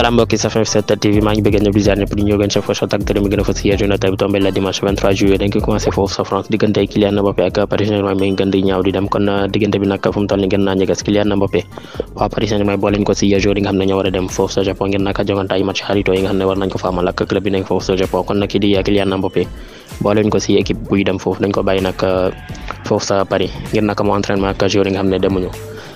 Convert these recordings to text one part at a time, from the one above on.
salaam mbokki safin 7 TV maa ngi bëgg ñëpp di ziar ñëpp di ñëw gën chef fo shot ak tërëm gën a fës yéen journée la dimanche 23 juillet dañ ah, ko si joueurs yi sa Japon ngeen nag jongante ay match xaritoo xam ne ah, dem foofu dañ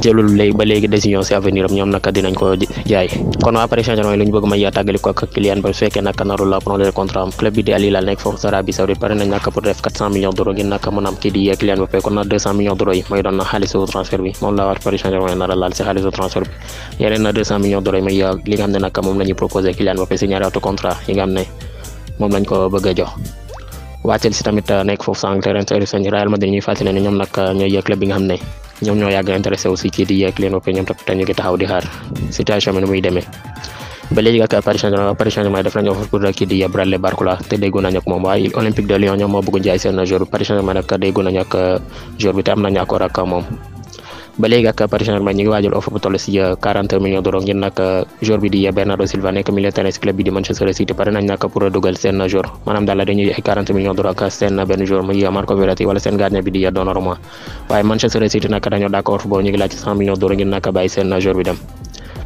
jëlul léegi ba léegi décision si avenir ñoom naka dinañ ko jaay kon waa Paris Saint-Germain lu bëgg ma yaa tàggali ko ak client ba fekkee naka naru la prolonger contrat am club bi moom lañ ko bëgg a jox waa Chelsea tamit euh, nekk foofu sa Angleterre Real Madrid ñuy fàttali ñoom nag ñooy club bi nga xam ne ñoom ñoo yàgg intéressé aussi ci di yeeg leen ok ñoom tam te ñu ngi taxaw di xaar situation bi nu muy demee ba léegi ak Paris Saint-Germain Paris Saint-Germain def nañu offre pour kii di te déggoo nañu waaye Olympique de Lyon ñoom moo bëgg jaay seen joueur bi Paris Saint-Germain nag déggoo nañu ak bi te am nañu accord ak moom ba léegi ak Paris saint ñu ngi waajal offre bu toll si 40 euh, millions d'euros ngir nag euh, joueur bi di euh, Bernardo Silva nekk milieu terrain club bi di Manchester City pare nañ nag pour dugal seen joueur maanaam daal dañuy ay 40 millions d'euros ak seen benn joueur muy Marco Verratti wala seen gardien bi di Donnarumma waaye Manchester City nag dañoo d'accord offre boobu ñu ngi laaj 100 millions ngir nag bàyyi seen joueur bi dem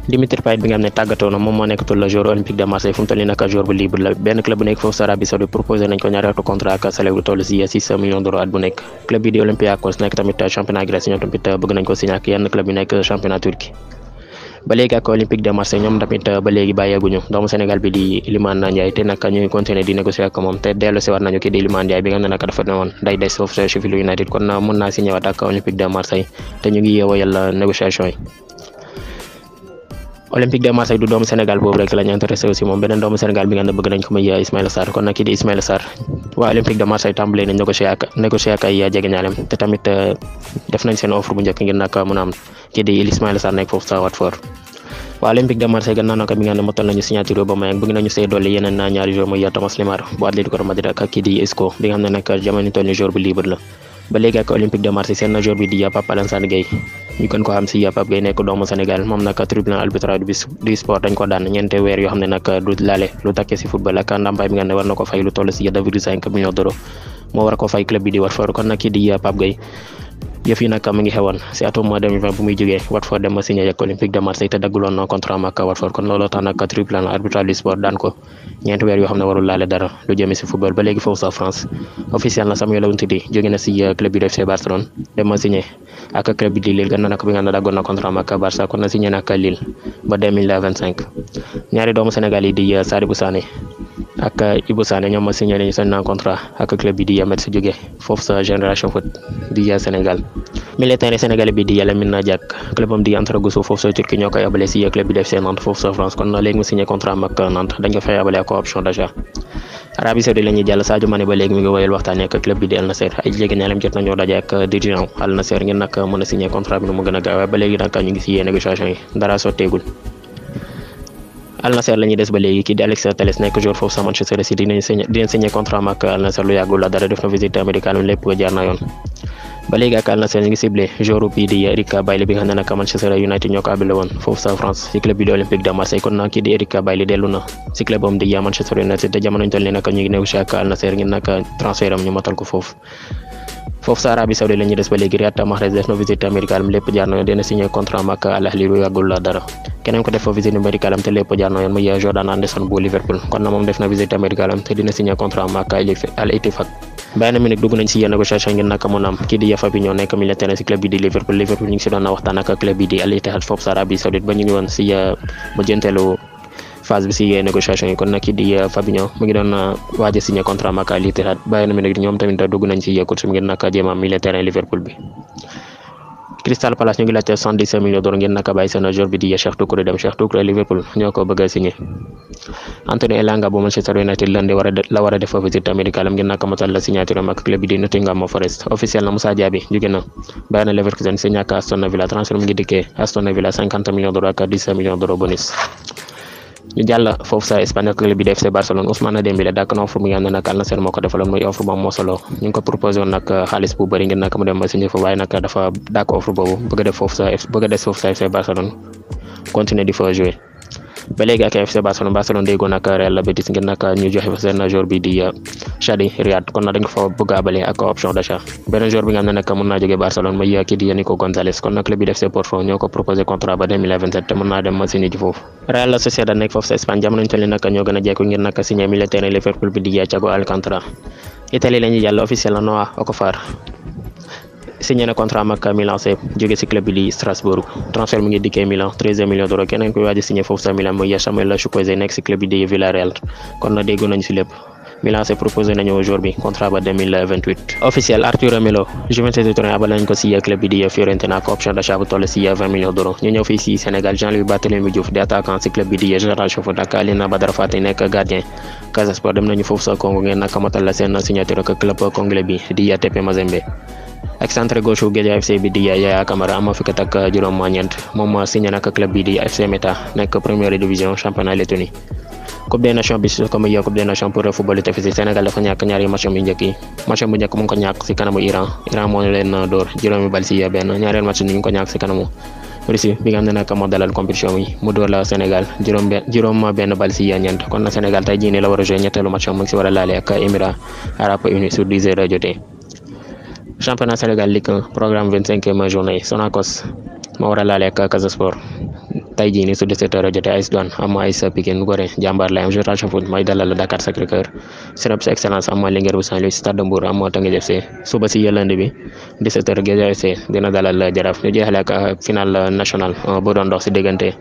Dimitri Payet bi nga xam ne tàggatoo moom moo nekkatul la joueur olympique de Marseille fu toll nii nag joueur bu libre la benn club bu nekk foofu sa Arabie Saoudite proposé nañ ko ñaari atu contrat ak salaire toll si six millions d'euros at bu nekk club yi di Olympiakos nekk tamit championnat Grèce ñoom tamit ba léegi ba léegi doomu Sénégal bi di Iliman Ndiaye te nag ñu ngi di négocier ak moom te dellu si war nañu Olympique de Marseille du doomu Sénégal bi nga xam bëgg nañ ko muy Ismaïla kon nag kii di Ismaïla Sarr waa Olympique de Marseille tàmbalee nañ négocier ak négocier ak ay jegeñaaleem te tamit euh, def nañ seen offre bu njëkk ngir nag kii di Ismaïla Sarr nekk foofu sa Watford waa Olympique de Marseille gannaaw nag bi nga xam ne nañu signature ba may bëgg nañu see dolli yeneen ñaari joueur muy Thomas Lemar bu Atlético de Madrid ak kii di Isco bi ñu ko xam si Pape Gueye nekk doomu Sénégal moom nag tribunal arbitral du sport dañ ko daan ñeente weer yoo xam ne nag du laale lu takkee si football ak ndàmpaay bi nga ne war ko fay lu toll si 2,5 millions d'euros moo war ko fay club bi di war for kon nag kii di Pape Gueye yëf yi nag mu ngi xewoon si atum mois 2020 bu muy jógee Watford dem ba signé ak Olympique de Marseille te dagguloon na contrat am ak kon looloo tax nag tribunal arbitral du sport daan ko ñeenti weer yoo xam ne warul dara lu jëmee si football ba léegi foofu sa France officiel na Samuel Umtiti jóge na si euh, club bi FC Barcelone dem ba signé ak club bi di Lille gën na bi nga na contrat am ak Barça kon ak Ibou Sané ñoom ma signé nañu seen non contrat ak club bi di Yamet su jóge foofu sa génération foot di ja Sénégal militaire sénégalais bi di Yàlla min na jàkk club bi di Al Nassr ay jege ñaalam jot nañoo daje ak dirigeant Al Nassr ngir nag mën a signé contrat bi nu mu gën a gaaw ba léegi nag ñu ngi si yee négociation yi dara sotteegul Al Nassr la des ba léegi kii di Alex Telles nekk joueur foofu sa Manchester City dinañ signé dinañ signé contrat ak Al Nassr lu la dara def na visite médicale am lépp jaar na yoon ba léegi ak Al Nassr ñu ngi ciblé joueur di Eric Bailly bi xam ne nag Manchester United ñoo ko abile woon foofu sa France ci club bi di Olympique de Marseille kon nag kii di Eric Bailly dellu na ci club am di Manchester United te jamono ñu toll nii nag ñu ngi foofu sa Arabie Saoudite la des ba léegi Riyad Mahrez def na visite médicale am jaar na yoon dina contrat am ak Al la dara keneen ko def fa visite médicale te lépp jaar na yoon muy Jordan Anderson bu Liverpool kon na moom def na visite médicale te dina signé contrat am ak Al Ittifaq Bayern Munich dugg nañ si yenn négociation ngir naka mën a am kii di nekk milieu terrain si club bi Liverpool Liverpool ñu phase bi si négociation yi kon nag di euh, Fabinho mu ngi doon euh, waaj a signé contrat ak Al-Ittihad Bayern Munich Liverpool bi. Crystal Palace ñu ngi laajte cent dix bi ñoo ko bëgg a signé Elanga bu Manchester United la war a def visite médicale am naka motal la signature am club bi di Nottingham Forest officiel na Moussa Diaby jóge na bàyyi na Leverkusen si ñàkk Aston Villa transfert mu ngi dikkee Aston Villa ñu jàll foofu sa Espagnol club bi di FC Barcelone Ousmane Dembélé dakk na offre mu nga xam ne nag Al Nassr moo ko defaloon muy offre bu am solo ñu ko proposé woon euh, xaalis bu bëri ngir mu dem signé fa waaye nag dafa dàkk offre boobu bëgg def foofu sa bëgg a des di fa jouer ba léegi ak FC Barcelone Barcelone day goon ak Real Betis ngir nag ñu joxe fa seen joueur bi di Chadi euh, Riad kon nag dañ fa bëgg a ak option d'achat beneen joueur bi nga xam ne nag mën naa jógee Barcelone mooy euh, kii di Nico Gonzalez kon nag club bi di FC Porto ñoo ko proposé contrat ba te mën naa dem signé ji foofu Real Sociedad nekk foofu sa Espagne jamono ñu toll nag ñoo gën a jekku ngir nag signé milieu Liverpool bi di euh, Thiago Alcantara signé na contrat am ak Milan jóge si club bi di Strasbourg transfert mi ngi dikkee Milan 13 millions keneen koy waaj a foofu sa Milan mooy Samuel Chukwueze nekk si club bi di Villarreal kon na dégg nañu si lépp. Milan AC proposé nañu jour contrat ba 2028 officiel Arturo Melo Juventus de Turin abal ko si club bi di Fiorentina ak option d'achat bu toll si 20 millions d'euros ñu ñëw fii si Sénégal Jean-Louis bi di ak centre gauche wu FC bi di Yaya Camara am fukki at ak juróom-ñeent moom moo signé nag club bi di FC Meta nekk première division championnat Lettonie. Coupe des Nations bi comme yow Coupe des Nations pour football te fi si Sénégal dafa ñàkk ñaari match mu ngi ko si kanamu Iran Iran moo leen dóor juróomi bal si benn ñaareel match ni ñu ko ñàkk si kanamu. Russie bi nga moo dalal compétition mu dóor la Sénégal juróom benn juróom ñeent kon na Sénégal a joué ñetteelu match a laale ak Émirats Arabes Unis sur 10 heures jotee. championnat Sénégal Ligue 1 programme vingt cinquième journée Sonacos moo war a Casa Sport tey jii su 17h jotee AS Douanes am na AS Pikine Gorée jàmbaar lay am Génération Foot may dalal Dakar Sacré-Cœur Cneps Excellence am na Linguère bu Saint-Louis Stade de Mbour am na suba si yëlande bi 17h Guédiawaye dina dalal Jaraaf ñu jeexale ak final national bu doon dox si diggante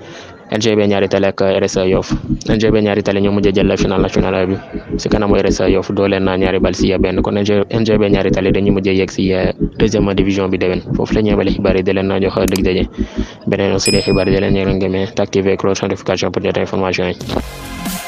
NGB ñaari tali ak RSA Yoff NGB ñaari tali ñoo mujj jël final national bi si kanamu RSA Yoff dooleel ñaari bal benn kon NGB ñaari tali dañuy mujj yegg si eh, deuxième division bi déwén foofu la ñuy yemale xibaar yi di leen naa beneen aussi des xibaar yi di leen ñeeroon ngeen mais pour jot information yi.